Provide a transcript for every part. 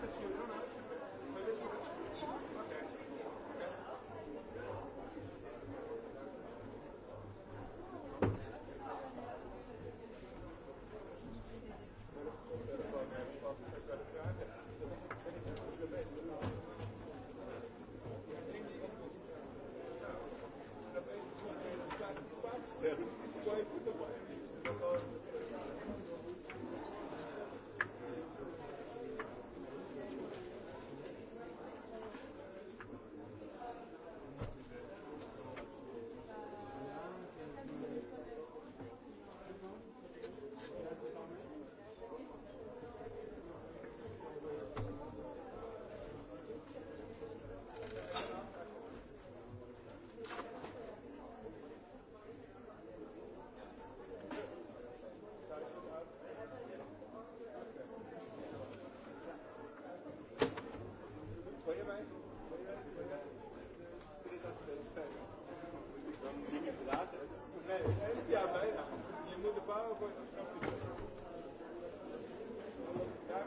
Gracias, señor.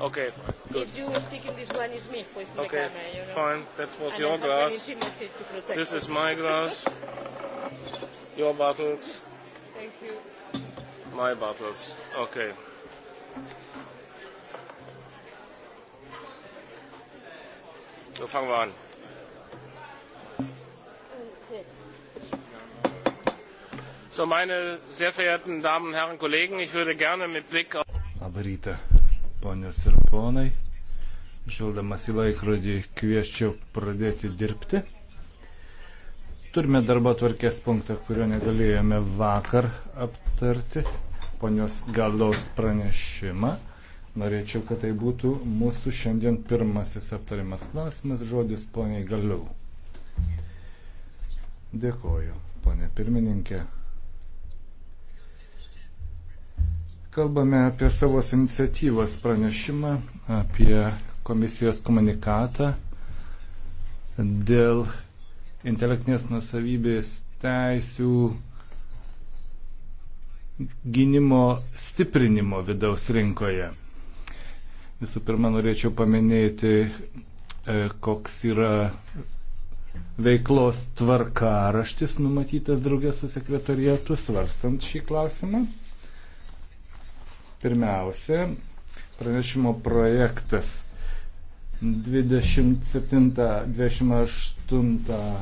Okay. Good. If you speak in this one, it's me who is in okay. the camera. You know? Fine. That was and your I glass. Have an intimacy to protect this you. is my glass. your bottles. Thank you. My bottles. Okay. So fangen wir an. Okay. So, meine sehr verehrten Damen und Herren Kollegen, ich würde gerne mit Blick auf. Aber Rita ponios ir ponai, žildamas į laikrodį kvieščiau pradėti dirbti. Turime darbo tvarkės punktą, kurio negalėjome vakar aptarti, ponios galos pranešimą. Norėčiau, kad tai būtų mūsų šiandien pirmasis aptarimas klausimas, žodis poniai galiau. Dėkoju, ponė pirmininkė. Kalbame apie savo iniciatyvos pranešimą, apie komisijos komunikatą dėl intelektinės nusavybės teisių gynimo stiprinimo vidaus rinkoje. Visų pirma, norėčiau paminėti, e, koks yra veiklos tvarkaraštis numatytas draugės su sekretorietu, svarstant šį klausimą. Pirmiausia, pranešimo projektas 27-28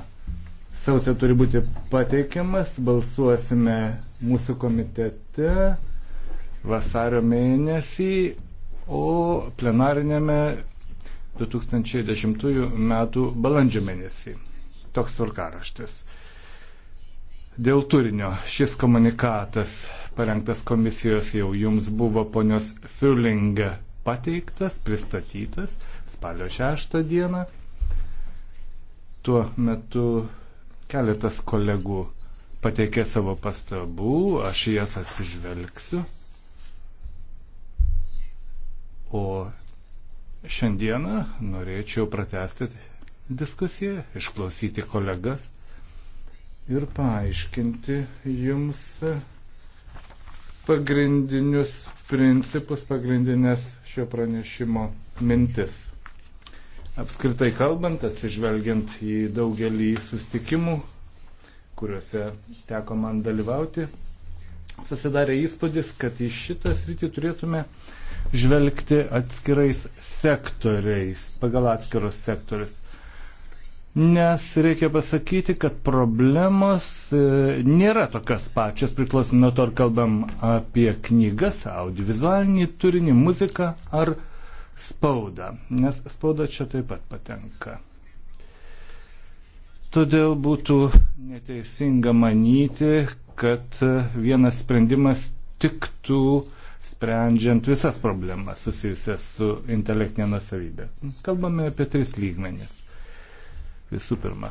sausio turi būti pateikiamas, balsuosime mūsų komitete vasario mėnesį, o plenarinėme 2010 m. balandžio mėnesį. Toks tvarkaraštis. Dėl turinio šis komunikatas parengtas komisijos jau jums buvo ponios Füling pateiktas, pristatytas spalio 6 dieną. Tuo metu keletas kolegų pateikė savo pastabų, aš jas atsižvelgsiu. O šiandieną norėčiau pratesti diskusiją, išklausyti kolegas ir paaiškinti jums pagrindinius principus, pagrindinės šio pranešimo mintis. Apskritai kalbant, atsižvelgiant į daugelį sustikimų, kuriuose teko man dalyvauti, susidarė įspūdis, kad į šitą sritį turėtume žvelgti atskirais sektoriais, pagal atskirus sektorius nes reikia pasakyti, kad problemos e, nėra tokios pačios, priklausomai nuo to, ar kalbam apie knygas, audiovizualinį turinį, muziką ar spaudą, nes spauda čia taip pat patenka. Todėl būtų neteisinga manyti, kad vienas sprendimas tiktų sprendžiant visas problemas susijusias su intelektinė nusavybė. Kalbame apie tris lygmenis. Visų pirma,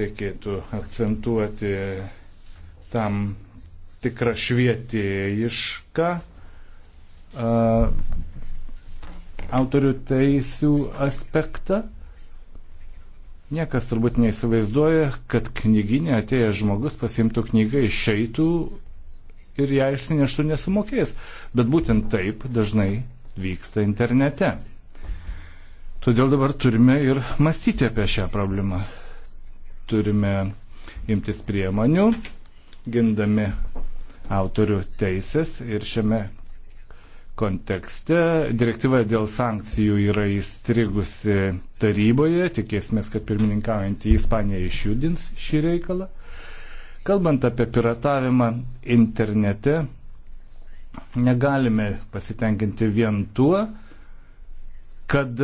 reikėtų akcentuoti tam tikrą švietėjišką a, autorių teisių aspektą. Niekas turbūt neįsivaizduoja, kad knyginė atėjęs žmogus pasimtų knygą, išeitų ir ją išsineštų nesumokėjęs. Bet būtent taip dažnai vyksta internete. Todėl dabar turime ir mąstyti apie šią problemą. Turime imtis priemonių, gindami autorių teisės ir šiame kontekste direktyva dėl sankcijų yra įstrigusi taryboje. Tikėsimės, kad pirmininkaujantį Ispaniją išjudins šį reikalą. Kalbant apie piratavimą internete, negalime pasitenkinti vien tuo, kad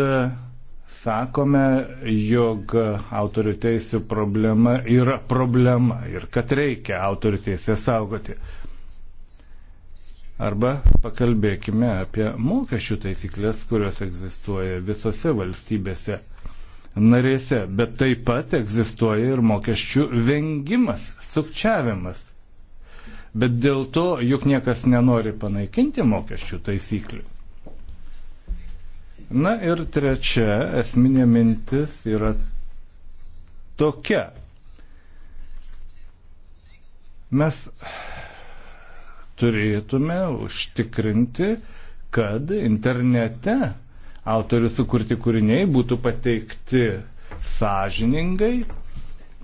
sakome, jog autorių teisų problema yra problema ir kad reikia autorių teisę saugoti. Arba pakalbėkime apie mokesčių taisyklės, kurios egzistuoja visose valstybėse narėse, bet taip pat egzistuoja ir mokesčių vengimas, sukčiavimas. Bet dėl to juk niekas nenori panaikinti mokesčių taisyklių. Na ir trečia esminė mintis yra tokia. Mes turėtume užtikrinti, kad internete autorių sukurti kūriniai būtų pateikti sąžiningai,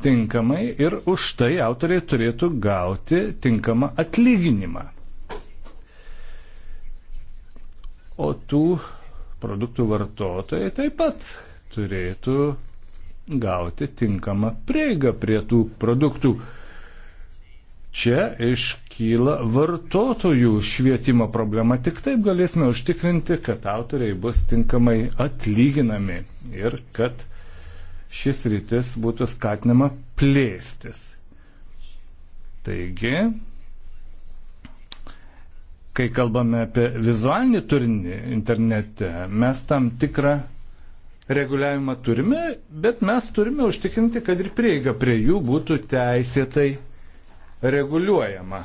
tinkamai ir už tai autoriai turėtų gauti tinkamą atlyginimą. O tų produktų vartotojai taip pat turėtų gauti tinkamą prieigą prie tų produktų. Čia iškyla vartotojų švietimo problema. Tik taip galėsime užtikrinti, kad autoriai bus tinkamai atlyginami ir kad šis rytis būtų skatinama plėstis. Taigi, kai kalbame apie vizualinį turinį internete, mes tam tikrą reguliavimą turime, bet mes turime užtikrinti, kad ir prieiga prie jų būtų teisėtai reguliuojama.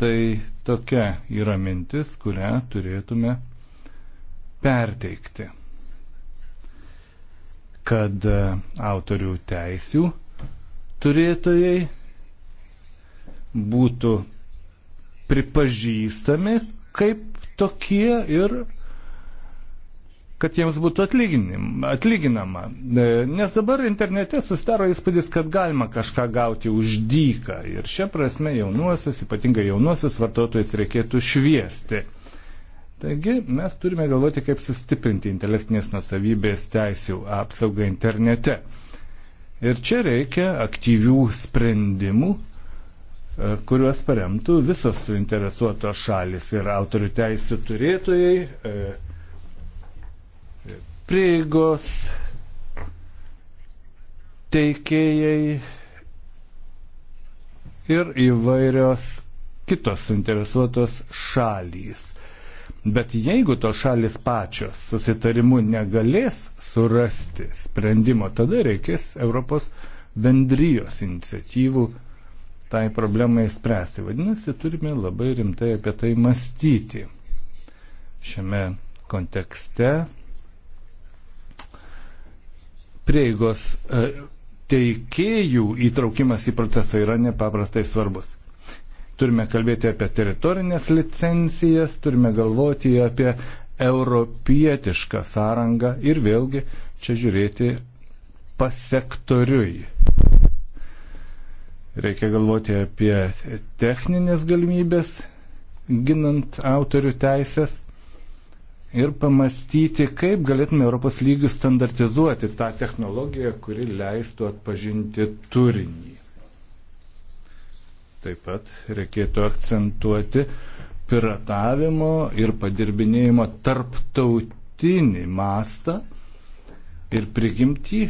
Tai tokia yra mintis, kurią turėtume perteikti, kad e, autorių teisių turėtojai būtų pripažįstami kaip tokie ir kad jiems būtų atlyginama. E, nes dabar internete susidaro įspūdis, kad galima kažką gauti už dyką. Ir šia prasme jaunuosius, ypatingai jaunuosius vartotojus reikėtų šviesti. Taigi mes turime galvoti, kaip sustiprinti intelektinės nusavybės teisų apsaugą internete. Ir čia reikia aktyvių sprendimų, E, kuriuos paremtų visos suinteresuotos šalis ir autorių teisų turėtojai, e, prieigos teikėjai ir įvairios kitos suinteresuotos šalys. Bet jeigu tos šalis pačios susitarimu negalės surasti sprendimo, tada reikės Europos bendrijos iniciatyvų tai problemai spręsti. Vadinasi, turime labai rimtai apie tai mąstyti. Šiame kontekste prieigos e, teikėjų įtraukimas į procesą yra nepaprastai svarbus. Turime kalbėti apie teritorinės licencijas, turime galvoti apie europietišką sąrangą ir vėlgi čia žiūrėti pasektoriui. Reikia galvoti apie techninės galimybės, ginant autorių teisės ir pamastyti, kaip galėtume Europos lygių standartizuoti tą technologiją, kuri leistų atpažinti turinį. Taip pat reikėtų akcentuoti piratavimo ir padirbinėjimo tarptautinį mastą ir prigimtį.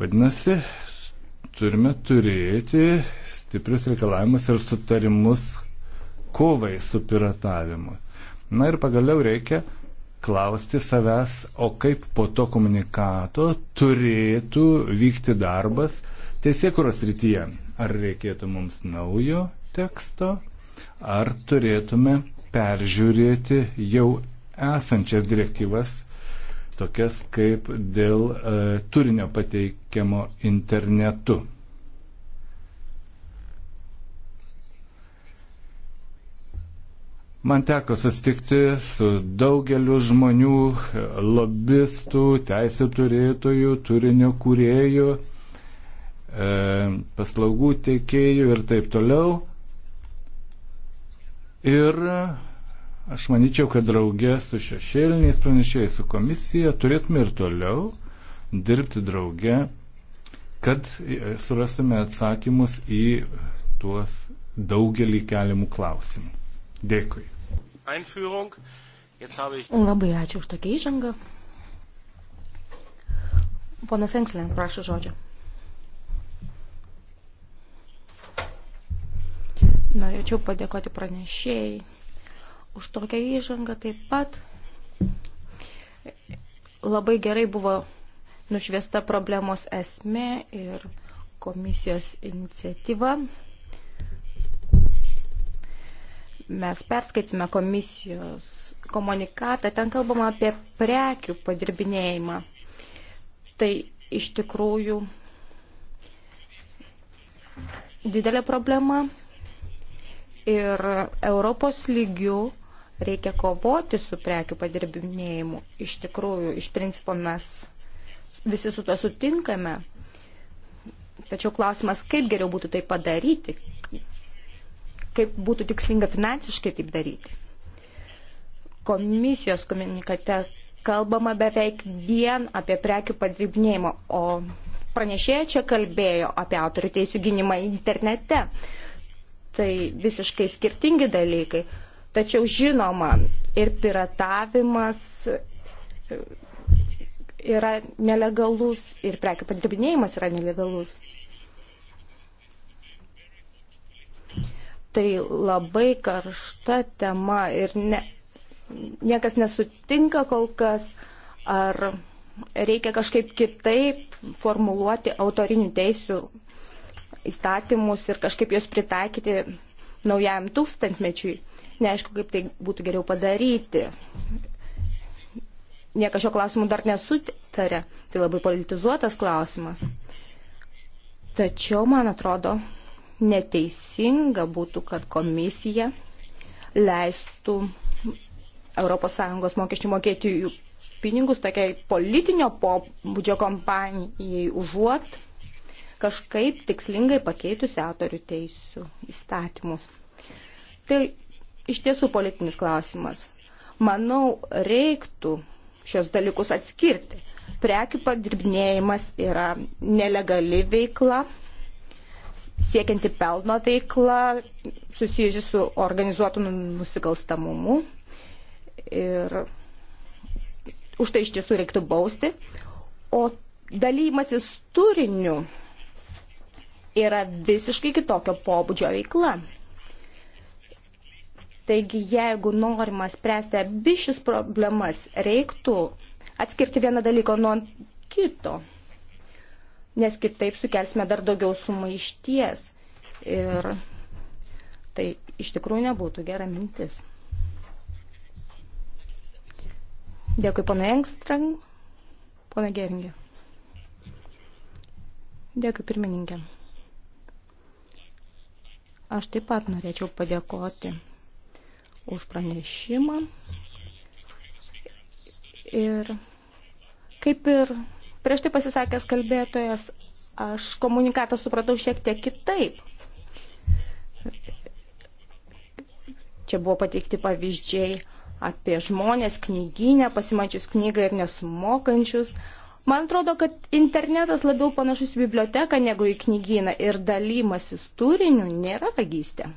Vadinasi, turime turėti stiprius reikalavimus ir sutarimus kovai su piratavimu. Na ir pagaliau reikia klausti savęs, o kaip po to komunikato turėtų vykti darbas teisėkuros rytyje. Ar reikėtų mums naujo teksto, ar turėtume peržiūrėti jau esančias direktyvas, tokias kaip dėl e, turinio pateik, teikiamo internetu. Man teko susitikti su daugeliu žmonių, lobistų, teisė turėtojų, turinio kūrėjų, e, paslaugų teikėjų ir taip toliau. Ir aš manyčiau, kad draugė su šešėliniais pranešėjais, su komisija turėtume ir toliau dirbti draugė, kad e, surastume atsakymus į tuos daugelį keliamų klausimų. Dėkui. Labai ačiū už tokią įžangą. Ponas Enkselin, prašau žodžio. Norėčiau padėkoti pranešėjai už tokią įžangą taip pat. Labai gerai buvo nušviesta problemos esmė ir komisijos iniciatyva. Mes perskaitime komisijos komunikatą, ten kalbama apie prekių padirbinėjimą. Tai iš tikrųjų didelė problema ir Europos lygių reikia kovoti su prekių padirbinėjimu. Iš tikrųjų, iš principo mes visi su to sutinkame. Tačiau klausimas, kaip geriau būtų tai padaryti, kaip būtų tikslinga finansiškai taip daryti. Komisijos komunikate kalbama beveik vien apie prekių padirbinėjimą, o pranešėja čia kalbėjo apie autorių teisų gynimą internete. Tai visiškai skirtingi dalykai. Tačiau žinoma, ir piratavimas, yra nelegalus ir prekių padirbinėjimas yra nelegalus. Tai labai karšta tema ir ne, niekas nesutinka kol kas, ar reikia kažkaip kitaip formuluoti autorinių teisių įstatymus ir kažkaip juos pritaikyti naujajam tūkstantmečiui neaišku, kaip tai būtų geriau padaryti niekas šio klausimu dar nesutarė. Tai labai politizuotas klausimas. Tačiau, man atrodo, neteisinga būtų, kad komisija leistų ES mokesčių mokėtijų pinigus tokiai politinio pobūdžio kompanijai užuot kažkaip tikslingai pakeitusi autorių teisų įstatymus. Tai iš tiesų politinis klausimas. Manau, reiktų šios dalykus atskirti. Prekių padirbinėjimas yra nelegali veikla, siekianti pelno veikla, susijusi su organizuotu nusikalstamumu. Ir už tai iš tiesų reiktų bausti. O dalymasis turiniu yra visiškai kitokio pobūdžio veikla. Taigi, jeigu norima spręsti abi šis problemas, reiktų atskirti vieną dalyką nuo kito, nes kitaip sukelsime dar daugiau sumaišties. Ir tai iš tikrųjų nebūtų gera mintis. Dėkui, pana Engstrang, pana Geringė. Dėkui, pirmininkė. Aš taip pat norėčiau padėkoti už pranešimą. Ir kaip ir prieš tai pasisakęs kalbėtojas, aš komunikatą supratau šiek tiek kitaip. Čia buvo pateikti pavyzdžiai apie žmonės knyginę, pasimačius knygą ir nesumokančius. Man atrodo, kad internetas labiau panašus į biblioteką negu į knygyną ir dalymasi turiniu nėra vagystė.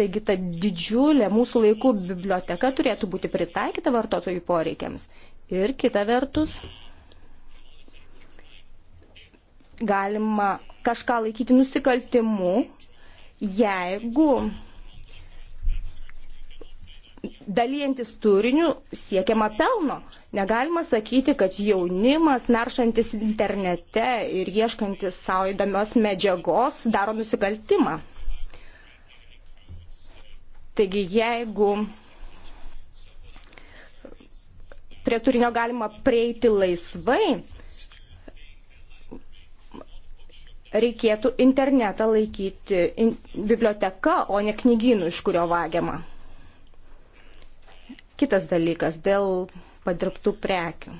Taigi ta didžiulė mūsų laikų biblioteka turėtų būti pritaikyta vartotojų poreikiams. Ir kita vertus, galima kažką laikyti nusikaltimu, jeigu dalyjantis turiniu siekiama pelno. Negalima sakyti, kad jaunimas, naršantis internete ir ieškantis savo įdomios medžiagos, daro nusikaltimą. Taigi jeigu prie turinio galima prieiti laisvai, reikėtų internetą laikyti in, biblioteka, o ne knygynų, iš kurio vagiama. Kitas dalykas dėl padirbtų prekių.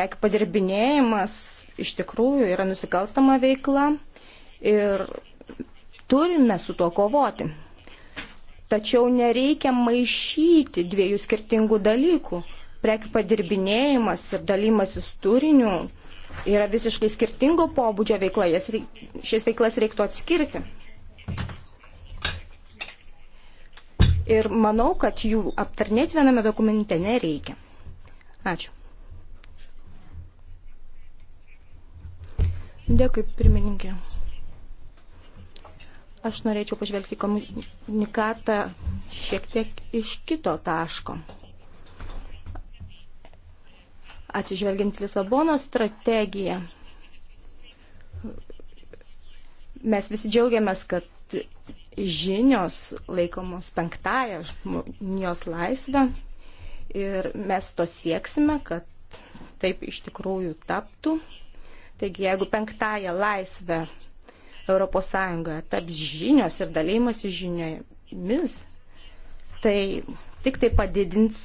prekių padirbinėjimas iš tikrųjų yra nusikalstama veikla ir turime su tuo kovoti. Tačiau nereikia maišyti dviejų skirtingų dalykų. Prekių padirbinėjimas ir dalymasis turiniu yra visiškai skirtingo pobūdžio veikla. Jas, šias veiklas reiktų atskirti. Ir manau, kad jų aptarnėti viename dokumente nereikia. Ačiū. Dėkui, pirmininkė. Aš norėčiau pažvelgti komunikatą šiek tiek iš kito taško. Atsižvelgiant Lisabono strategiją, mes visi džiaugiamės, kad žinios laikomos penktąją žmonijos laisvę ir mes to sieksime, kad taip iš tikrųjų taptų. Taigi, jeigu penktąją laisvę ES taps žinios ir dalymas žiniomis, tai tik tai padidins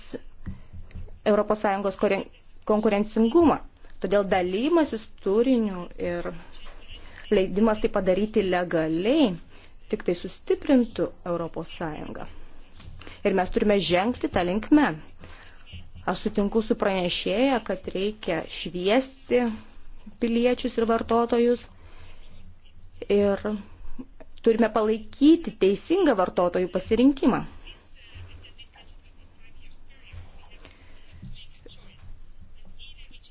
ES konkurencingumą. Todėl dalymasis turiniu ir leidimas tai padaryti legaliai tik tai sustiprintų ES. Ir mes turime žengti tą linkmę. Aš sutinku su pranešėja, kad reikia šviesti piliečius ir vartotojus. Ir turime palaikyti teisingą vartotojų pasirinkimą.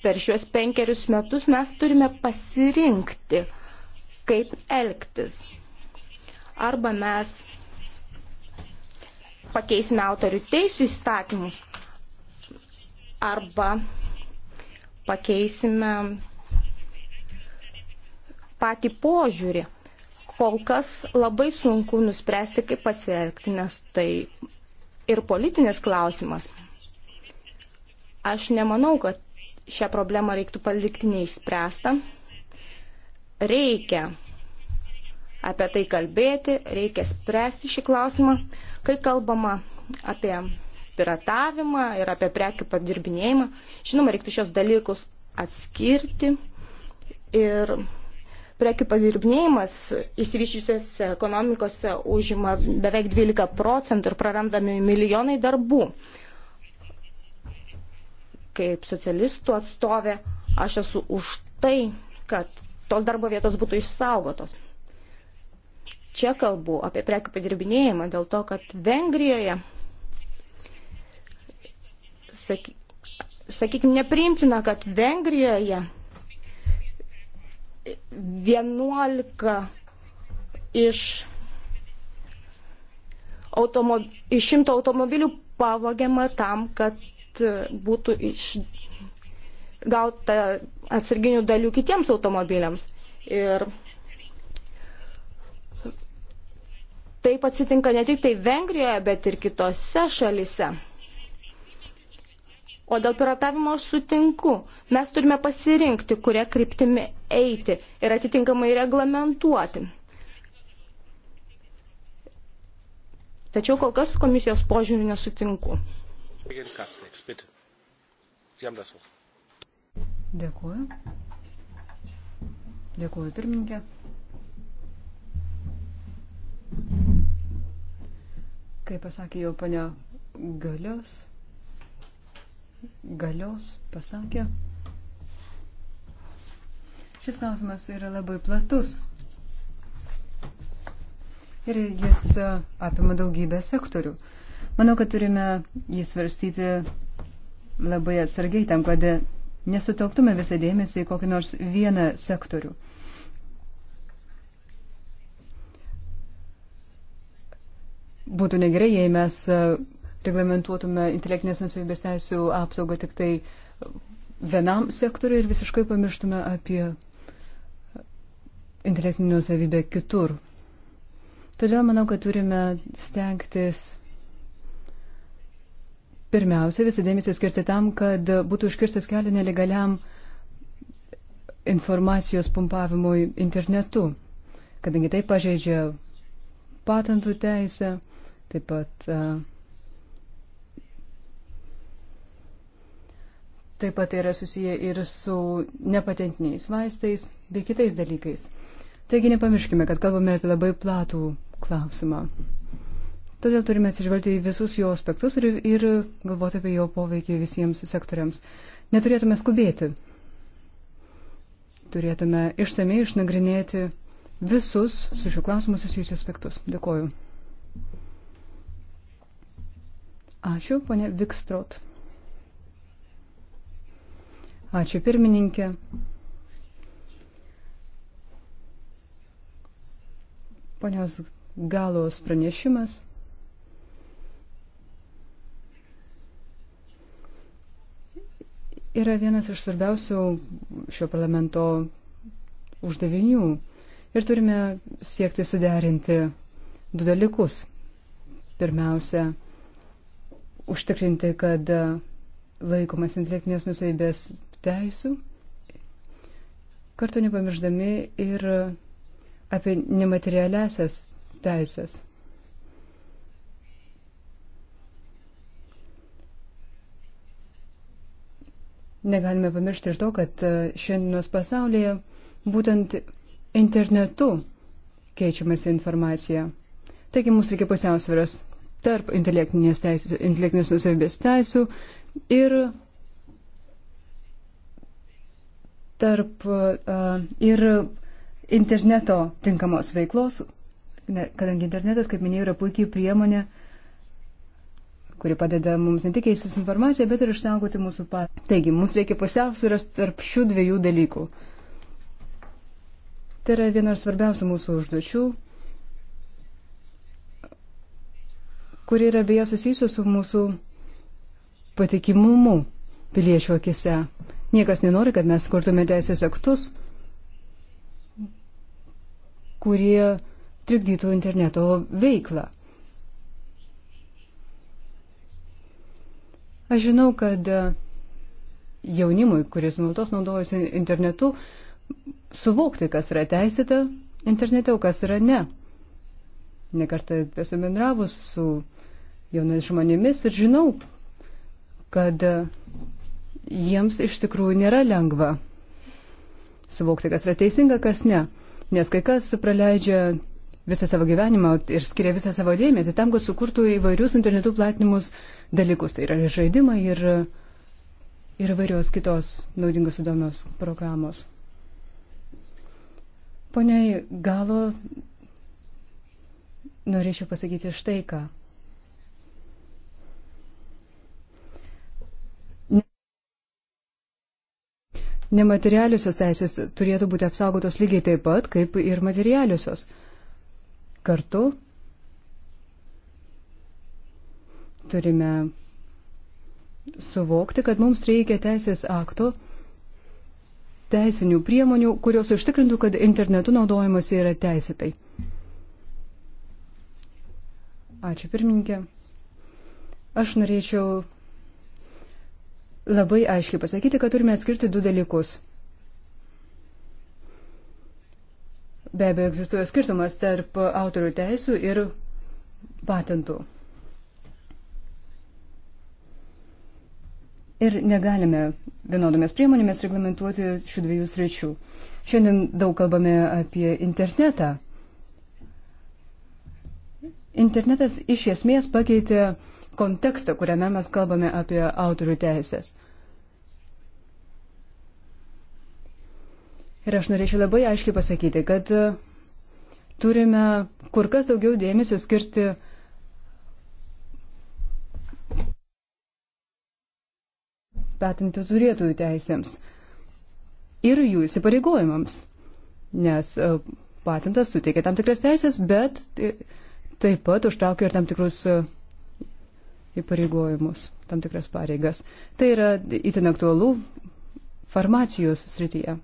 Per šiuos penkerius metus mes turime pasirinkti, kaip elgtis. Arba mes pakeisime autorių teisų įstatymus, arba pakeisime patį požiūrį. Kol kas labai sunku nuspręsti, kaip pasielgti, nes tai ir politinis klausimas. Aš nemanau, kad šią problemą reiktų palikti neišspręstą. Reikia apie tai kalbėti, reikia spręsti šį klausimą. Kai kalbama apie piratavimą ir apie prekių padirbinėjimą, žinoma, reiktų šios dalykus atskirti ir prekių padirbinėjimas išsivyščiusiose ekonomikose užima beveik 12 procentų ir prarandami milijonai darbų. Kaip socialistų atstovė, aš esu už tai, kad tos darbo vietos būtų išsaugotos. Čia kalbu apie prekių padirbinėjimą dėl to, kad Vengrijoje, sakykime, nepriimtina, kad Vengrijoje 11 iš, automo, iš 100 automobilių pavogiama tam, kad e, būtų išgauta atsarginių dalių kitiems automobiliams. Ir taip atsitinka ne tik tai Vengrijoje, bet ir kitose šalise. O dėl piratavimo aš sutinku. Mes turime pasirinkti, kurie kryptimi eiti ir atitinkamai reglamentuoti. Tačiau kol kas su komisijos požiūriu nesutinku. Dėkuoju. Dėkuoju pirmininkė. Kaip pasakė jau ponia Galios, Galios pasakė. Šis klausimas yra labai platus. Ir jis e, apima daugybę sektorių. Manau, kad turime jį svarstyti labai atsargiai tam, kad nesutelktume visą dėmesį į kokį nors vieną sektorių. Būtų negerai, jei mes e, reglamentuotume intelektinės nusavybės teisų apsaugą tik tai vienam sektoriui ir visiškai pamirštume apie intelektinių savybę kitur. Todėl manau, kad turime stengtis pirmiausia visą dėmesį skirti tam, kad būtų užkirstas kelią nelegaliam informacijos pumpavimui internetu, kadangi tai pažeidžia patentų teisę, taip pat, taip pat tai yra susiję ir su nepatentiniais vaistais bei kitais dalykais. Taigi nepamirškime, kad kalbame apie labai platų klausimą. Todėl turime atsižvelgti į visus jo aspektus ir, ir galvoti apie jo poveikį visiems sektoriams. Neturėtume skubėti. Turėtume išsamei išnagrinėti visus su šiuo klausimu susijusius aspektus. Dėkoju. Ačiū, ponė Vikstrot. Ačiū pirmininkė. ponios galos pranešimas. Yra vienas iš svarbiausių šio parlamento uždavinių ir turime siekti suderinti du dalykus. Pirmiausia, užtikrinti, kad laikomas intelektinės nusavybės teisų, kartu nepamirždami ir apie nematerialiasias teisės. Negalime pamiršti ir to, kad e, šiandienos pasaulyje būtent internetu keičiamasi informacija. Taigi mums reikia pusiausvėros tarp intelektinės, teisės, intelektinės nusavybės teisų ir tarp uh, ir interneto tinkamos veiklos, kadangi internetas, kaip minėjau, yra puikiai priemonė, kuri padeda mums ne tik keistis informaciją, bet ir išsaugoti mūsų pat. Taigi, mums reikia pusiausvėros tarp šių dviejų dalykų. Tai yra viena iš svarbiausių mūsų užduočių, kuri yra beje susijusi su mūsų patikimumu piliečių akise. Niekas nenori, kad mes kurtume teisės aktus, kurie trikdytų interneto veiklą. Aš žinau, kad e, jaunimui, kuris nuolatos naudojasi internetu, suvokti, kas yra teisėta internete, o kas yra ne. Nekartą esu bendravus su jaunais žmonėmis ir žinau, kad e, jiems iš tikrųjų nėra lengva suvokti, kas yra teisinga, kas ne. Nes kai kas praleidžia visą savo gyvenimą ir skiria visą savo dėmesį tam, kad sukurtų įvairius internetų platinimus dalykus. Tai yra ir žaidimai, ir, ir įvairios kitos naudingos įdomios programos. Pone Galo, norėčiau pasakyti štai ką. nematerialiusios teisės turėtų būti apsaugotos lygiai taip pat, kaip ir materialiusios. Kartu turime suvokti, kad mums reikia teisės akto, teisinių priemonių, kurios užtikrintų, kad internetu naudojimas yra teisėtai. Ačiū pirmininkė. Aš norėčiau labai aiškiai pasakyti, kad turime atskirti du dalykus. Be abejo, egzistuoja skirtumas tarp autorių teisų ir patentų. Ir negalime vienodomis priemonėmis reglamentuoti šių dviejų sričių. Šiandien daug kalbame apie internetą. Internetas iš esmės pakeitė kontekstą, kuriame mes kalbame apie autorių teisės. Ir aš norėčiau labai aiškiai pasakyti, kad e, turime kur kas daugiau dėmesio skirti patentų turėtojų teisėms ir jų įsipareigojimams. Nes e, patentas suteikia tam tikras teisės, bet e, taip pat užtraukia ir tam tikrus įpareigojimus, tam tikras pareigas. Tai yra itin aktualu farmacijos srityje.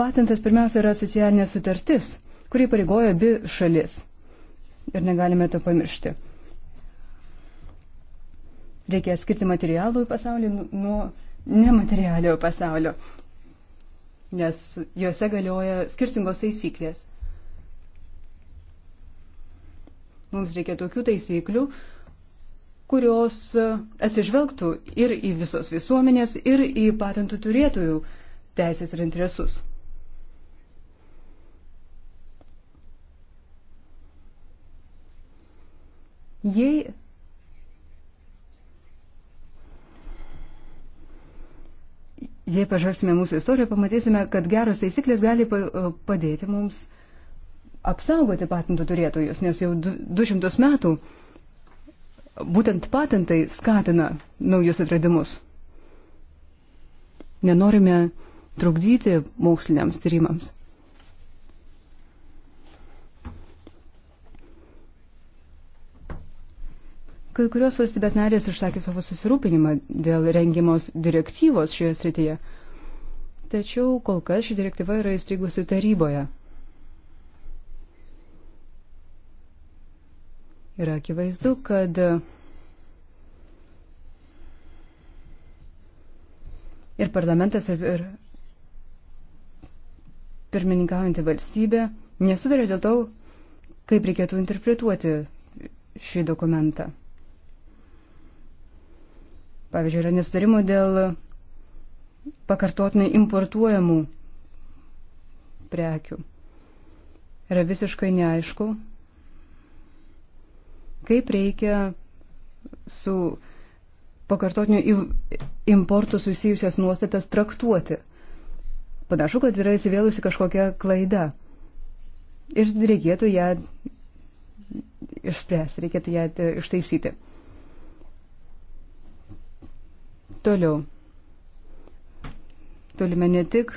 Patentas pirmiausia yra socialinė sutartis, kuri pareigoja abi šalis. Ir negalime to pamiršti. Reikia skirti materialų į pasaulį nu- nuo nematerialiojo pasaulio, nes juose galioja skirtingos taisyklės. Mums reikia tokių taisyklių, kurios e, atsižvelgtų ir į visos visuomenės, ir į patentų turėtojų teisės ir interesus. Jei Jei pažarsime mūsų istoriją, pamatysime, kad geros taisyklės gali e, padėti mums apsaugoti patentų turėtojus, nes jau 200 metų būtent patentai skatina naujus atradimus. Nenorime trukdyti moksliniams tyrimams. Kai kurios valstybės narės išsakė savo susirūpinimą dėl rengimos direktyvos šioje srityje, tačiau kol kas ši direktyva yra įstrigusi taryboje. yra akivaizdu, kad ir parlamentas, ir, ir pirmininkaujantį valstybę nesudarė dėl to, kaip reikėtų interpretuoti šį dokumentą. Pavyzdžiui, yra nesudarimo dėl pakartotinai importuojamų prekių. Yra visiškai neaišku, kaip reikia su pakartotiniu importu susijusias nuostatas traktuoti. Panašu, kad yra įsivėlusi kažkokia klaida. Ir reikėtų ją išspręsti, reikėtų ją ištaisyti. Toliau. Turime ne tik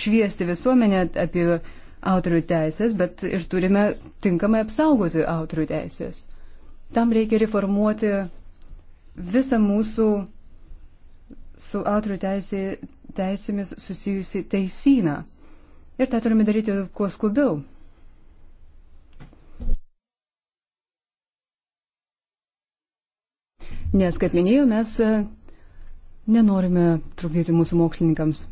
šviesti visuomenę apie autorių teisės, bet ir turime tinkamai apsaugoti autorių teisės. Tam reikia reformuoti visą mūsų su autorių teisė, teisėmis susijusi teisyną. Ir tą turime daryti kuo skubiau. Nes, kaip minėjau, mes e, nenorime trukdyti mūsų mokslininkams.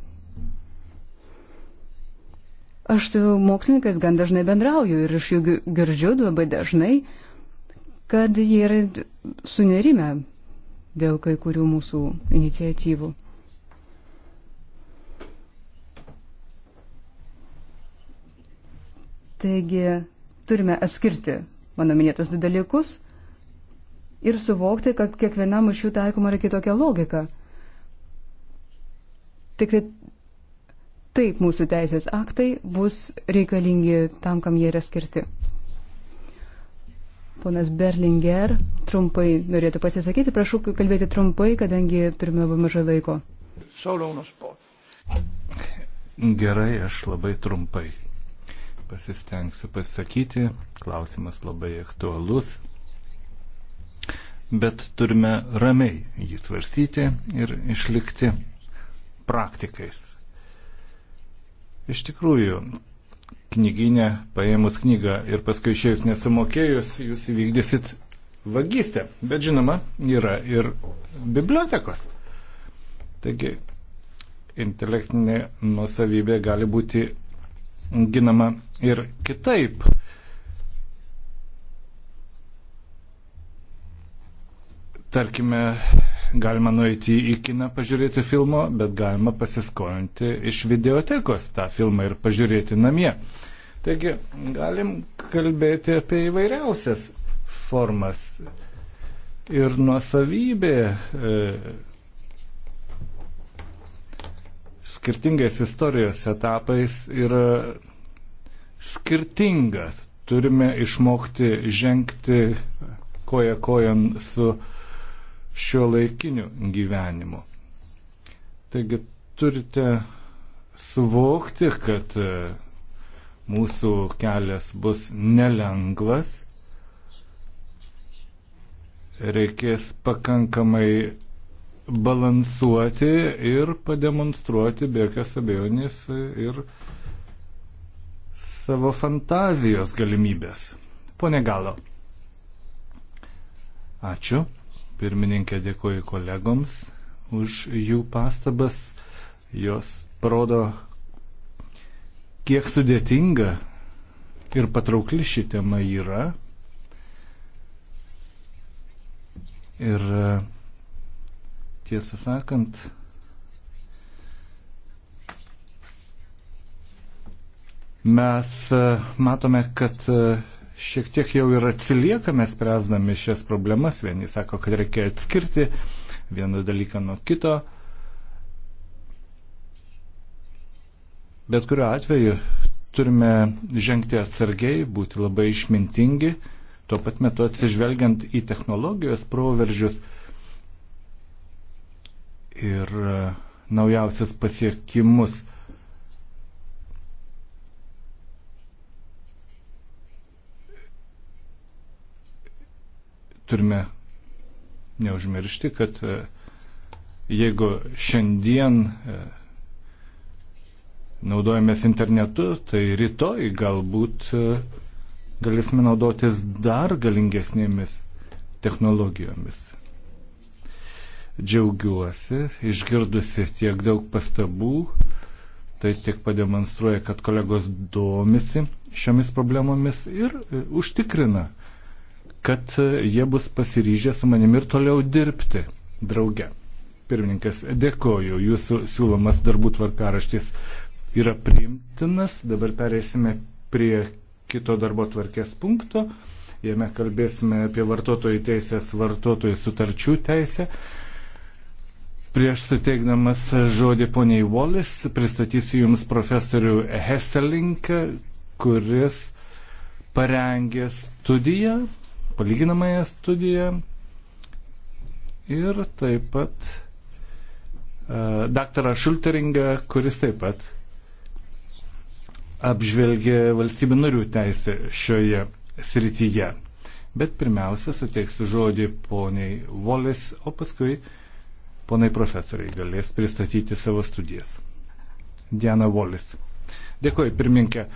Aš su mokslininkais gan dažnai bendrauju ir iš jų girdžiu labai dažnai, kad jie yra sunerime dėl kai kurių mūsų iniciatyvų. Taigi turime atskirti mano minėtus du dalykus ir suvokti, kad kiekvienam iš jų taikoma yra kitokia logika. Tik tai taip mūsų teisės aktai bus reikalingi tam, kam jie yra skirti. Ponas Berlinger trumpai norėtų pasisakyti, prašau kalbėti trumpai, kadangi turime labai mažai laiko. Gerai, aš labai trumpai pasistengsiu pasisakyti. Klausimas labai aktualus, bet turime ramiai jį tvarstyti ir išlikti praktikais. Iš tikrųjų, knyginę paėmus knygą ir paskui išėjus nesumokėjus, jūs įvykdysit vagystę. Bet žinoma, yra ir bibliotekos. Taigi, intelektinė nusavybė gali būti ginama ir kitaip. Tarkime, galima nueiti į kiną pažiūrėti filmo, bet galima pasiskolinti iš videotekos tą filmą ir pažiūrėti namie. Taigi galim kalbėti apie įvairiausias formas. Ir nuosavybė e, skirtingais istorijos etapais yra skirtingas. Turime išmokti žengti koja kojan su e, šio laikiniu gyvenimu. Taigi turite suvokti, kad e, mūsų kelias bus nelengvas, reikės pakankamai balansuoti ir pademonstruoti be jokios abejonės ir savo fantazijos galimybės. Pone Galo. Ačiū. Pirmininkė dėkoju kolegoms už jų pastabas. Jos parodo, kiek sudėtinga ir patraukli ši tema yra. Ir tiesą sakant, mes e, matome, kad e, šiek tiek jau ir atsiliekame spręsdami šias problemas. Vieni sako, kad reikia atskirti vieną dalyką nuo kito. Bet kuriuo atveju turime žengti atsargiai, būti labai išmintingi, tuo pat metu atsižvelgiant į technologijos proveržius ir e, naujausias pasiekimus. turime neužmiršti, kad e, jeigu šiandien e, naudojamės internetu, tai rytoj galbūt e, galėsime naudotis dar galingesnėmis technologijomis. Džiaugiuosi, išgirdusi tiek daug pastabų, tai tiek pademonstruoja, kad kolegos domisi šiomis problemomis ir užtikrina kad e, jie bus pasiryžę su manimi ir toliau dirbti drauge. Pirmininkas, dėkoju, jūsų siūlomas darbų tvarkaraštis yra priimtinas. Dabar pereisime prie kito darbo tvarkės punkto. Jame kalbėsime apie vartotojų teisės, vartotojų sutarčių teisę. Prieš suteikdamas žodį poniai Wallis, pristatysiu Jums profesorių Heselinką, kuris parengė studiją palyginamąją studiją ir taip pat e, daktarą Šulteringą, kuris taip pat apžvelgė valstybių narių teisę šioje srityje. Bet pirmiausia, suteiksiu žodį poniai Volis, o paskui ponai profesoriai galės pristatyti savo studijas. Diana Volis. Dėkuoju, pirminkė.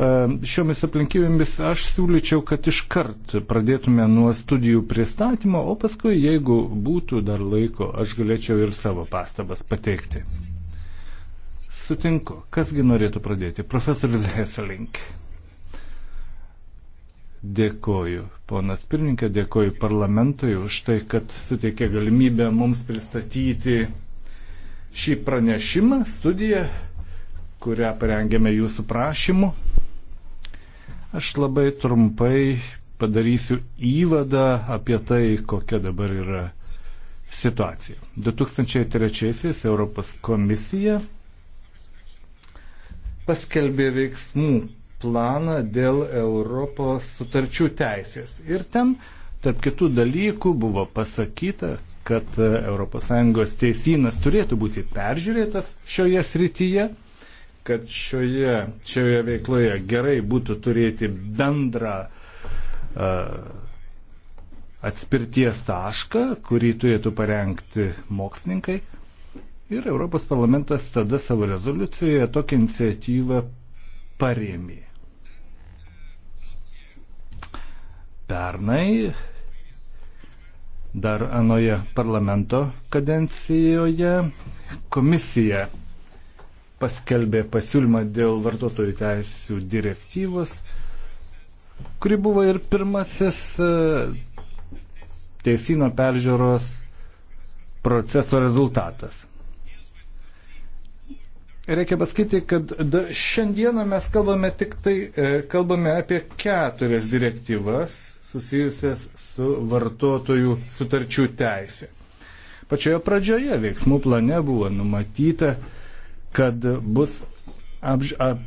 E, šiomis aplinkybėmis aš siūlyčiau, kad iškart pradėtume nuo studijų pristatymo, o paskui, jeigu būtų dar laiko, aš galėčiau ir savo pastabas pateikti. Sutinku. Kasgi norėtų pradėti? Profesorius Heselink. Dėkoju, ponas pirmininkė, dėkoju parlamentui už tai, kad suteikė galimybę mums pristatyti šį pranešimą, studiją kurią parengėme jūsų prašymu. Aš labai trumpai padarysiu įvadą apie tai, kokia dabar yra situacija. 2003-aisiais Europos komisija paskelbė veiksmų planą dėl Europos sutarčių teisės. Ir ten, tarp kitų dalykų, buvo pasakyta, kad ES teisynas turėtų būti peržiūrėtas šioje srityje kad šioje, šioje veikloje gerai būtų turėti bendrą uh, atspirties tašką, kurį turėtų parengti mokslininkai. Ir Europos parlamentas tada savo rezoliucijoje tokią iniciatyvą parėmė. Pernai, dar anoje parlamento kadencijoje, komisija paskelbė pasiūlymą dėl vartotojų teisų direktyvos, kuri buvo ir pirmasis e, teisino peržiūros proceso rezultatas. Reikia pasakyti, kad šiandieną mes kalbame tik tai, e, kalbame apie keturias direktyvas susijusias su vartotojų sutarčių teisė. Pačioje pradžioje veiksmų plane buvo numatyta, kad bus apž, ap,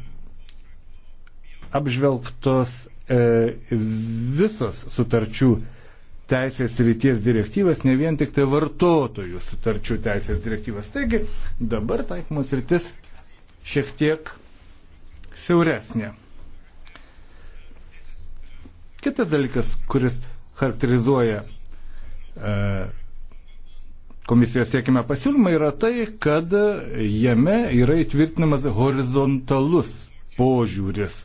apžvelgtos e, visos sutarčių teisės ryties direktyvas, ne vien tik tai vartotojų sutarčių teisės direktyvas. Taigi dabar taikymas rytis šiek tiek siauresnė. Kitas dalykas, kuris charakterizuoja e, komisijos tiekime pasiūlymą yra tai, kad jame yra įtvirtinamas horizontalus požiūris,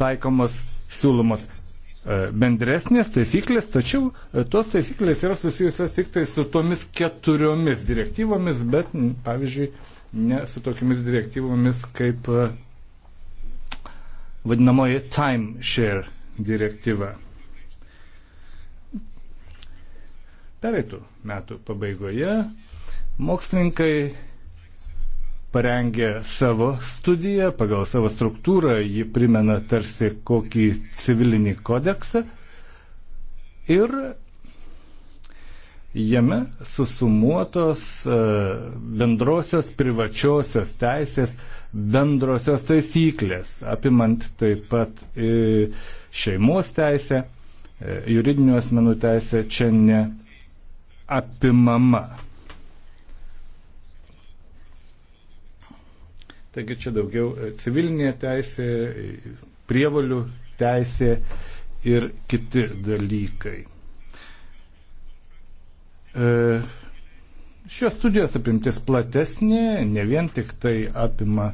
taikomas siūlomas e, bendresnės taisyklės, tačiau e, tos taisyklės yra susijusios tik tai su tomis keturiomis direktyvomis, bet, pavyzdžiui, ne su tokiamis direktyvomis kaip e, vadinamoji timeshare direktyva. Pereitų metų pabaigoje mokslininkai parengė savo studiją, pagal savo struktūrą ji primena tarsi kokį civilinį kodeksą ir jame susumuotos e, bendrosios privačiosios teisės, bendrosios taisyklės, apimant taip pat e, šeimos teisę, e, juridinių asmenų teisę čia ne apimama. Taigi čia daugiau e, civilinė teisė, prievalių teisė ir kiti dalykai. E, šios studijos apimtis platesnė, ne vien tik tai apima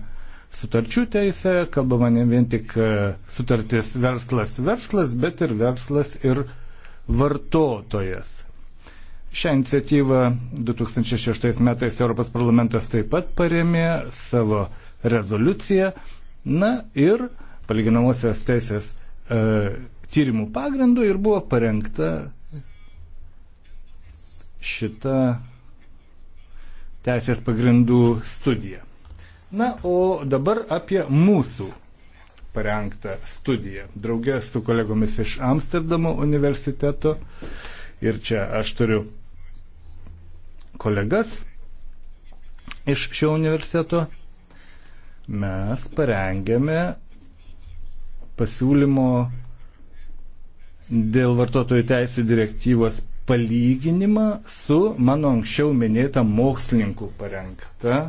sutarčių teisę, kalbama ne vien tik e, sutartis verslas verslas, bet ir verslas ir vartotojas. Šią iniciatyvą 2006 metais Europos parlamentas taip pat paremė savo rezoliuciją. Na ir palyginamosios teisės e, tyrimų pagrindų ir buvo parengta šita teisės pagrindų studija. Na, o dabar apie mūsų parengtą studiją. Draugė su kolegomis iš Amsterdamo universiteto. Ir čia aš turiu kolegas iš šio universiteto, mes parengėme pasiūlymo dėl vartotojų teisų direktyvos palyginimą su mano anksčiau minėta mokslininkų parengta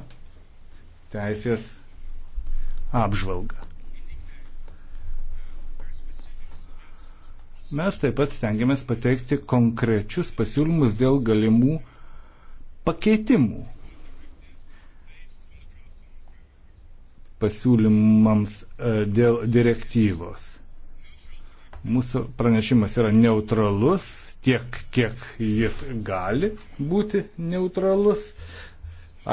teisės apžvalga. Mes taip pat stengiamės pateikti konkrečius pasiūlymus dėl galimų pakeitimų pasiūlymams e, dėl direktyvos. Mūsų pranešimas yra neutralus tiek, kiek jis gali būti neutralus.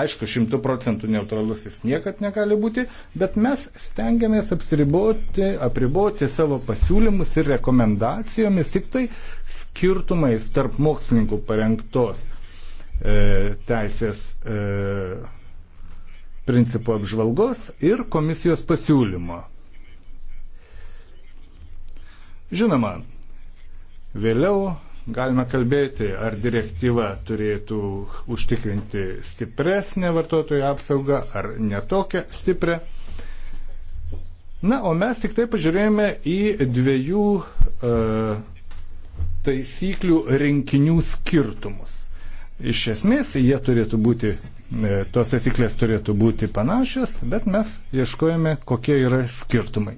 Aišku, šimtų procentų neutralus jis niekad negali būti, bet mes stengiamės apsiriboti, apriboti savo pasiūlymus ir rekomendacijomis tik tai skirtumais tarp mokslininkų parengtos E, teisės e, principų apžvalgos ir komisijos pasiūlymo. Žinoma, vėliau galime kalbėti, ar direktyva turėtų užtikrinti stipresnę vartotojų apsaugą ar netokią stiprią. Na, o mes tik tai pažiūrėjome į dviejų e, taisyklių rinkinių skirtumus iš esmės jie turėtų būti, e, tos taisyklės turėtų būti panašios, bet mes ieškojame, kokie yra skirtumai.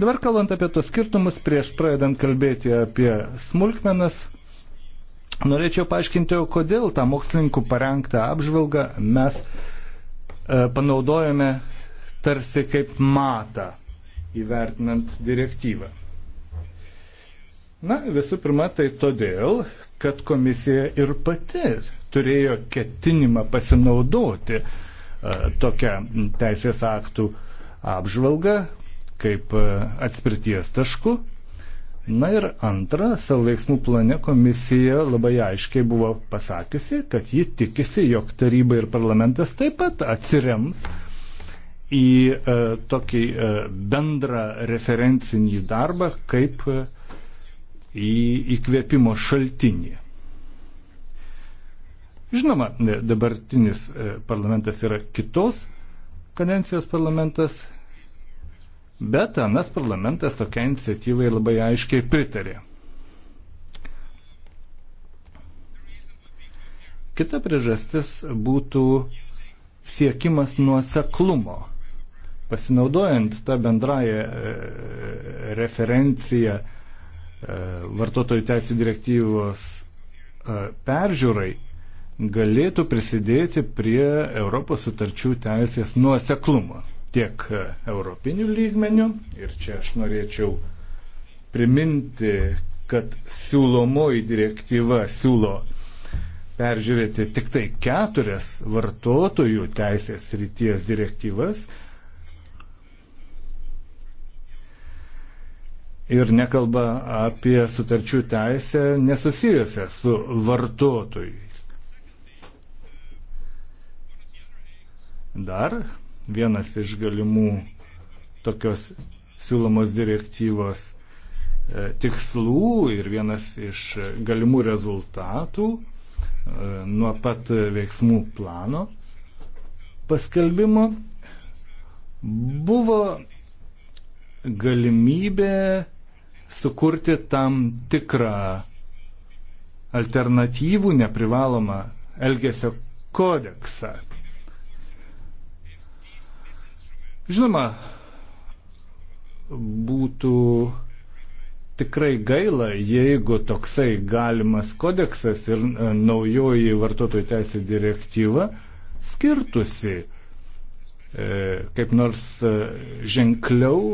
Dabar kalbant apie tos skirtumus, prieš pradedant kalbėti apie smulkmenas, norėčiau paaiškinti, o kodėl tą mokslininkų parengtą apžvalgą mes e, panaudojame tarsi kaip matą įvertinant direktyvą. Na, visų pirma, tai todėl, kad komisija ir pati turėjo ketinimą pasinaudoti e, tokią teisės aktų apžvalgą kaip e, atspirties tašku. Na ir antra, savo veiksmų plane komisija labai aiškiai buvo pasakiusi, kad ji tikisi, jog taryba ir parlamentas taip pat atsirems į e, tokį e, bendrą referencinį darbą kaip e, į įkvėpimo šaltinį. Žinoma, dabartinis e, parlamentas yra kitos kadencijos parlamentas, bet anas parlamentas tokia iniciatyvai labai aiškiai pritarė. Kita priežastis būtų siekimas nuoseklumo. Pasinaudojant tą bendrąją e, referenciją E, vartotojų teisų direktyvos e, peržiūrai galėtų prisidėti prie Europos sutarčių teisės nuoseklumo tiek e, europinių lygmenių ir čia aš norėčiau priminti, kad siūlomoji direktyva siūlo peržiūrėti tik tai keturias vartotojų teisės ryties direktyvas, ir nekalba apie sutarčių teisę nesusijusią su vartotojais. Dar vienas iš galimų tokios siūlomos direktyvos e, tikslų ir vienas iš galimų rezultatų e, nuo pat veiksmų plano paskelbimo buvo galimybė sukurti tam tikrą alternatyvų neprivalomą elgesio kodeksą. Žinoma, būtų tikrai gaila, jeigu toksai galimas kodeksas ir e, naujoji vartotojų teisė direktyva skirtusi e, kaip nors e, ženkliau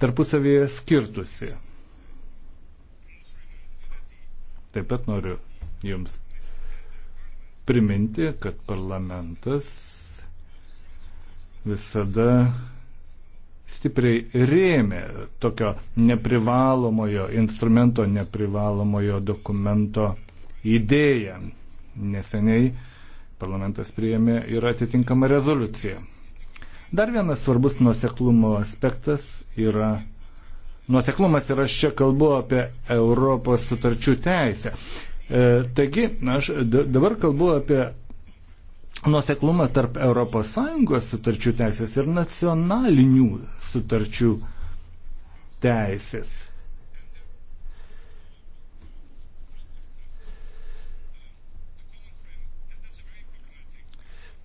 tarpusavėje skirtusi. Taip pat noriu Jums priminti, kad parlamentas visada stipriai rėmė tokio neprivalomojo instrumento, neprivalomojo dokumento idėją. Neseniai parlamentas priėmė ir atitinkamą rezoliuciją. Dar vienas svarbus nuoseklumo aspektas yra. Nuoseklumas ir aš čia kalbu apie Europos sutarčių teisę. E, taigi, aš dabar kalbu apie nuoseklumą tarp ES sutarčių teisės ir nacionalinių sutarčių teisės.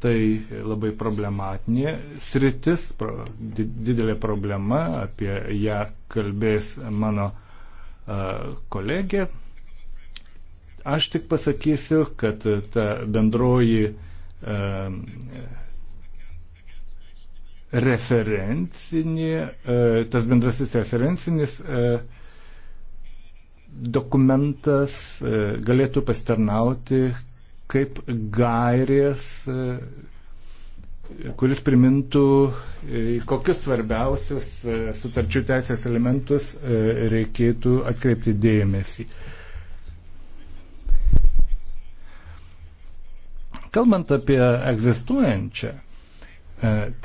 tai labai problematinė sritis, didelė problema, apie ją kalbės mano kolegė. Aš tik pasakysiu, kad ta bendroji referencinė, tas bendrasis referencinis dokumentas galėtų pasitarnauti kaip gairės, e, kuris primintų, e, kokius svarbiausius e, sutarčių teisės elementus reikėtų atkreipti dėmesį. Kalbant apie egzistuojančią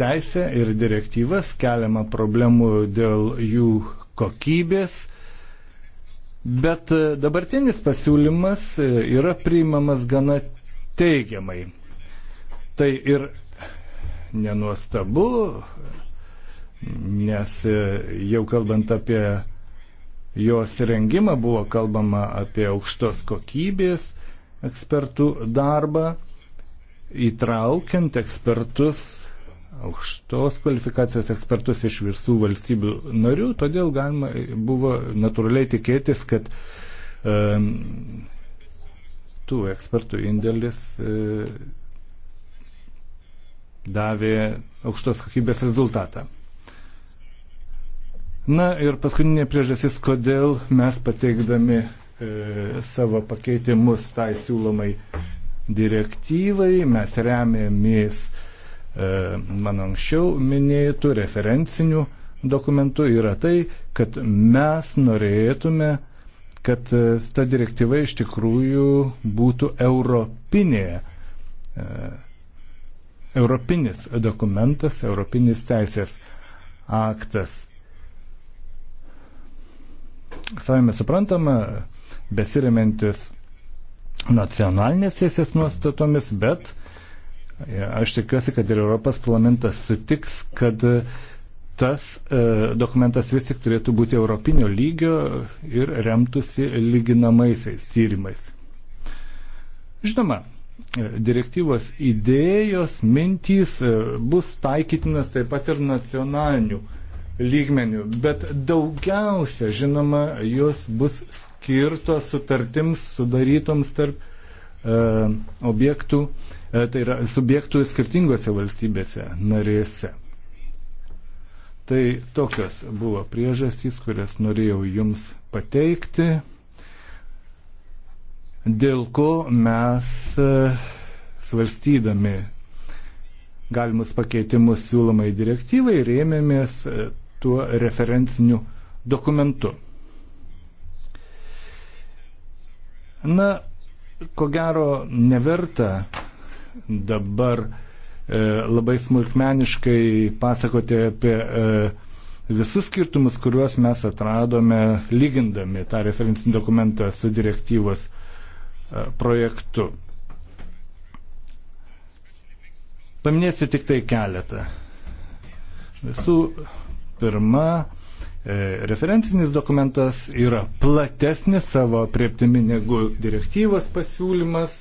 teisę ir direktyvas, keliama problemų dėl jų kokybės, Bet e, dabartinis pasiūlymas e, yra priimamas gana teigiamai. Tai ir nenuostabu, nes e, jau kalbant apie jos rengimą buvo kalbama apie aukštos kokybės ekspertų darbą, įtraukiant ekspertus aukštos kvalifikacijos ekspertus iš visų valstybių narių, todėl galima buvo natūraliai tikėtis, kad um, tų ekspertų indėlis uh, davė aukštos kokybės rezultatą. Na ir paskutinė priežasis, kodėl mes pateikdami e, savo pakeitimus tai siūlomai direktyvai, mes remėmės e, E, mano anksčiau minėtų referencinių dokumentų yra tai, kad mes norėtume, kad e, ta direktyva iš tikrųjų būtų europinė, e, europinis dokumentas, europinis teisės aktas. Savame suprantama, besirimintis nacionalinės teisės nuostatomis, bet Aš tikiuosi, kad ir Europos parlamentas sutiks, kad e, tas e, dokumentas vis tik turėtų būti europinio lygio ir remtųsi lyginamaisiais tyrimais. Žinoma, e, direktyvos idėjos, mintys e, bus taikytinas taip pat ir nacionalinių lygmenių, bet daugiausia, žinoma, jos bus skirtos sutartims sudarytoms tarp e, objektų e, E, tai yra subjektų skirtingose valstybėse narėse. Tai tokios buvo priežastys, kurias norėjau jums pateikti, dėl ko mes e, svarstydami galimus pakeitimus siūlomai direktyvai rėmėmės e, tuo referenciniu dokumentu. Na, ko gero neverta dabar e, labai smulkmeniškai pasakoti apie e, visus skirtumus, kuriuos mes atradome lygindami tą referencinį dokumentą su direktyvos e, projektu. Paminėsiu tik tai keletą. Visų pirma, referencinis dokumentas yra platesnis savo prieptimi negu direktyvos pasiūlymas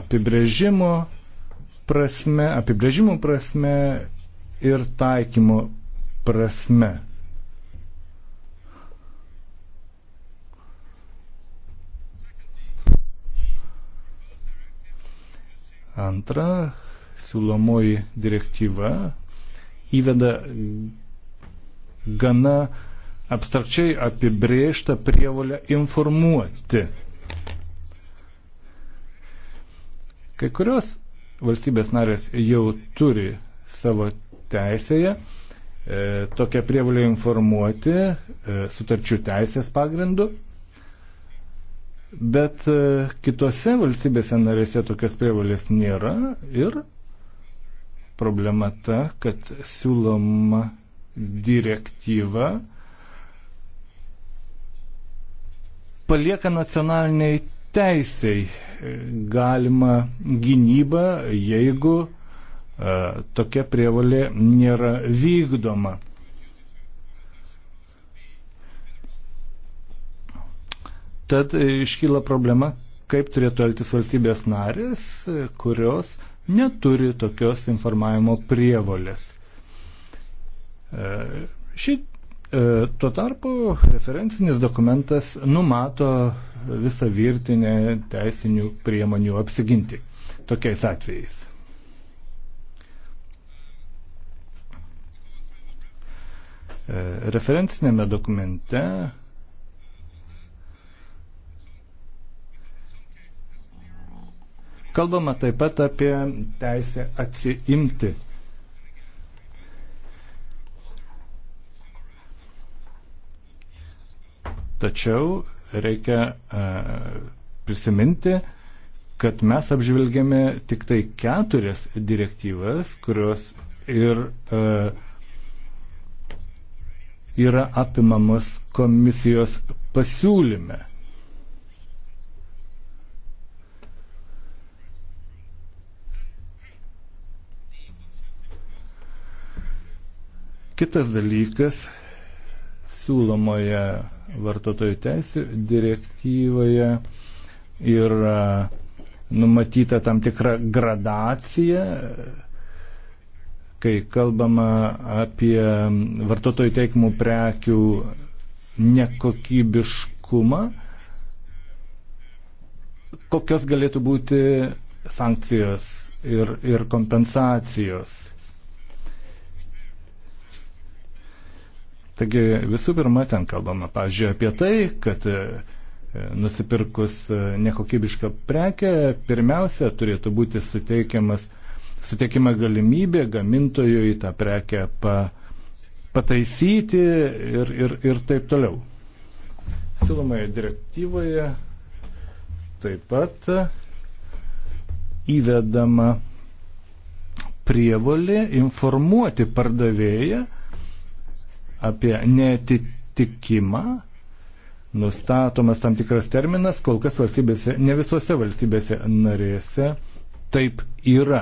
apibrėžimo prasme, apibrėžimų prasme ir taikymo prasme. Antra, siūlomoji direktyva įveda gana abstrakčiai apibrėžtą prievolę informuoti Kai kurios valstybės narės jau turi savo teisėje e, tokią prievalę informuoti e, sutarčių teisės pagrindu, bet e, kitose valstybėse narėse tokias prievalės nėra ir problema ta, kad siūloma direktyva palieka nacionaliniai teisiai e, galima gynyba, jeigu e, tokia prievalė nėra vykdoma. Tad e, iškyla problema, kaip turėtų elgtis valstybės narės, kurios neturi tokios informavimo prievolės. Šį tuo tarpu referencinis dokumentas numato visą virtinę teisinių priemonių apsiginti tokiais atvejais. E, referencinėme dokumente kalbama taip pat apie teisę atsiimti Tačiau reikia e, prisiminti, kad mes apžvelgėme tik tai keturias direktyvas, kurios ir e, yra apimamos komisijos pasiūlyme. Kitas dalykas siūlomoje vartotojų teisų direktyvoje yra numatyta tam tikra gradacija, kai kalbama apie vartotojų teikimų prekių nekokybiškumą, kokios galėtų būti sankcijos ir, ir kompensacijos. Taigi visų pirma, ten kalbama, pavyzdžiui, apie tai, kad e, nusipirkus e, nekokybišką prekę, pirmiausia turėtų būti suteikiamas, suteikiama galimybė gamintojui tą prekę pa, pataisyti ir, ir, ir taip toliau. Siūlomoje direktyvoje taip pat įvedama prievolė informuoti pardavėją, apie netitikimą nustatomas tam tikras terminas, kol kas valstybėse, ne visose valstybėse narėse taip yra.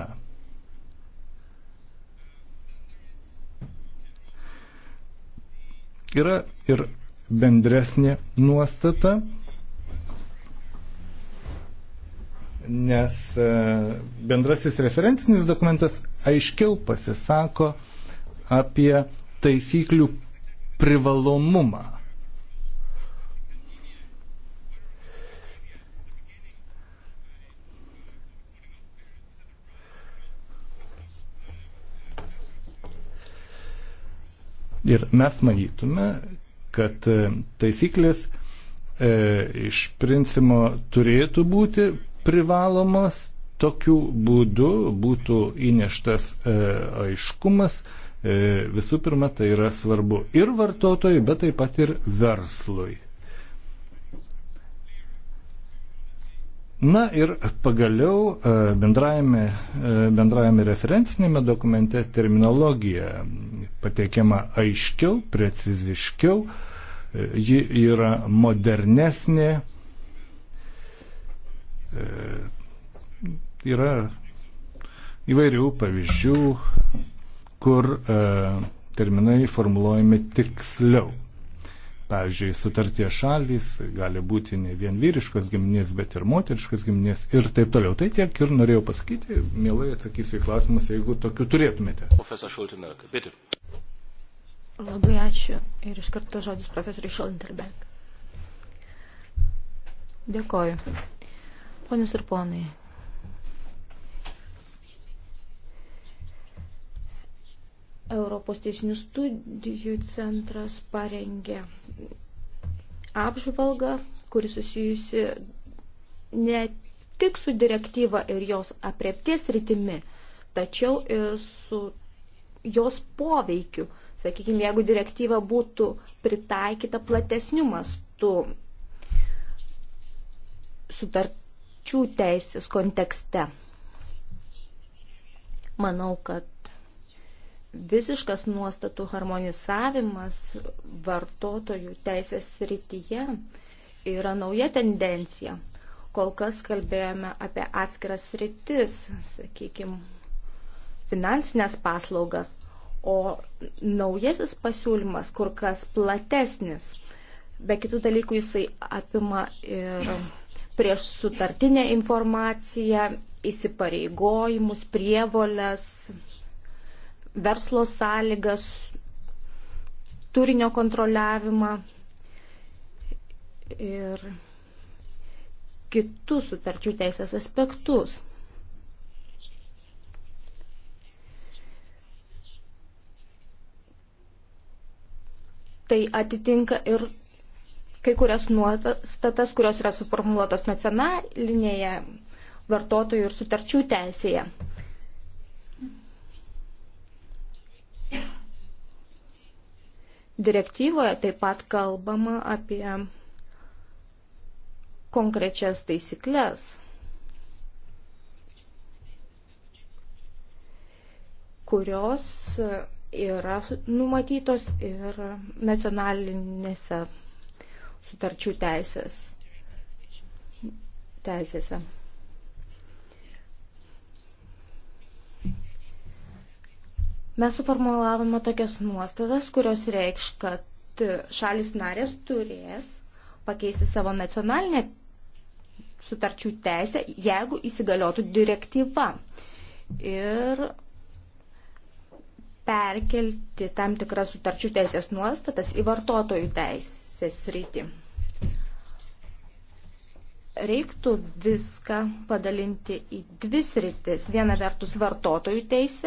Yra ir bendresnė nuostata, nes e, bendrasis referencinis dokumentas aiškiau pasisako apie taisyklių privalomumą. Ir mes manytume, kad e, taisyklės e, iš principo turėtų būti privalomas, tokiu būdu būtų įneštas e, aiškumas, E, visų pirma, tai yra svarbu ir vartotojui, bet taip pat ir verslui. Na ir pagaliau e, bendrajame, e, bendrajame referencinėme dokumente terminologija pateikiama aiškiau, preciziškiau, ji yra modernesnė, yra įvairių pavyzdžių, kur e, terminai formuluojami tiksliau. Pavyzdžiui, sutartie šalys gali būti ne vien vyriškos giminės, bet ir moteriškos giminės ir taip toliau. Tai tiek ir norėjau pasakyti, mielai atsakysiu į klausimus, jeigu tokių turėtumėte. Profesor Šultinerk, bitte. Labai ačiū ir iš karto žodis profesoriui Šalterberg. Dėkoju. Ponius ir ponai, Europos teisinių studijų centras parengė apžvalgą, kuri susijusi ne tik su direktyva ir jos apriepties rytimi, tačiau ir su jos poveikiu. Sakykime, jeigu direktyva būtų pritaikyta platesniu mastu sutarčių teisės kontekste. Manau, kad visiškas nuostatų harmonizavimas vartotojų teisės srityje yra nauja tendencija. Kol kas kalbėjome apie atskiras sritis, sakykime, finansinės paslaugas, o naujasis pasiūlymas kur kas platesnis. Be kitų dalykų jisai apima ir prieš sutartinę informaciją, įsipareigojimus, prievolės, verslo sąlygas, turinio kontroliavimą ir kitus sutarčių teisės aspektus. Tai atitinka ir kai kurias nuostatas, kurios yra suformuoluotos nacionalinėje vartotojų ir sutarčių teisėje. Direktyvoje taip pat kalbama apie konkrečias taisyklės, kurios yra numatytos ir nacionalinėse sutarčių teisės, teisėse. Mes suformulavome tokias nuostatas, kurios reikš, kad šalis narės turės pakeisti savo nacionalinę sutarčių teisę, jeigu įsigaliotų direktyva. Ir perkelti tam tikras sutarčių teisės nuostatas į vartotojų teisės rytį. Reiktų viską padalinti į dvi sritis. Viena vertus vartotojų teisė,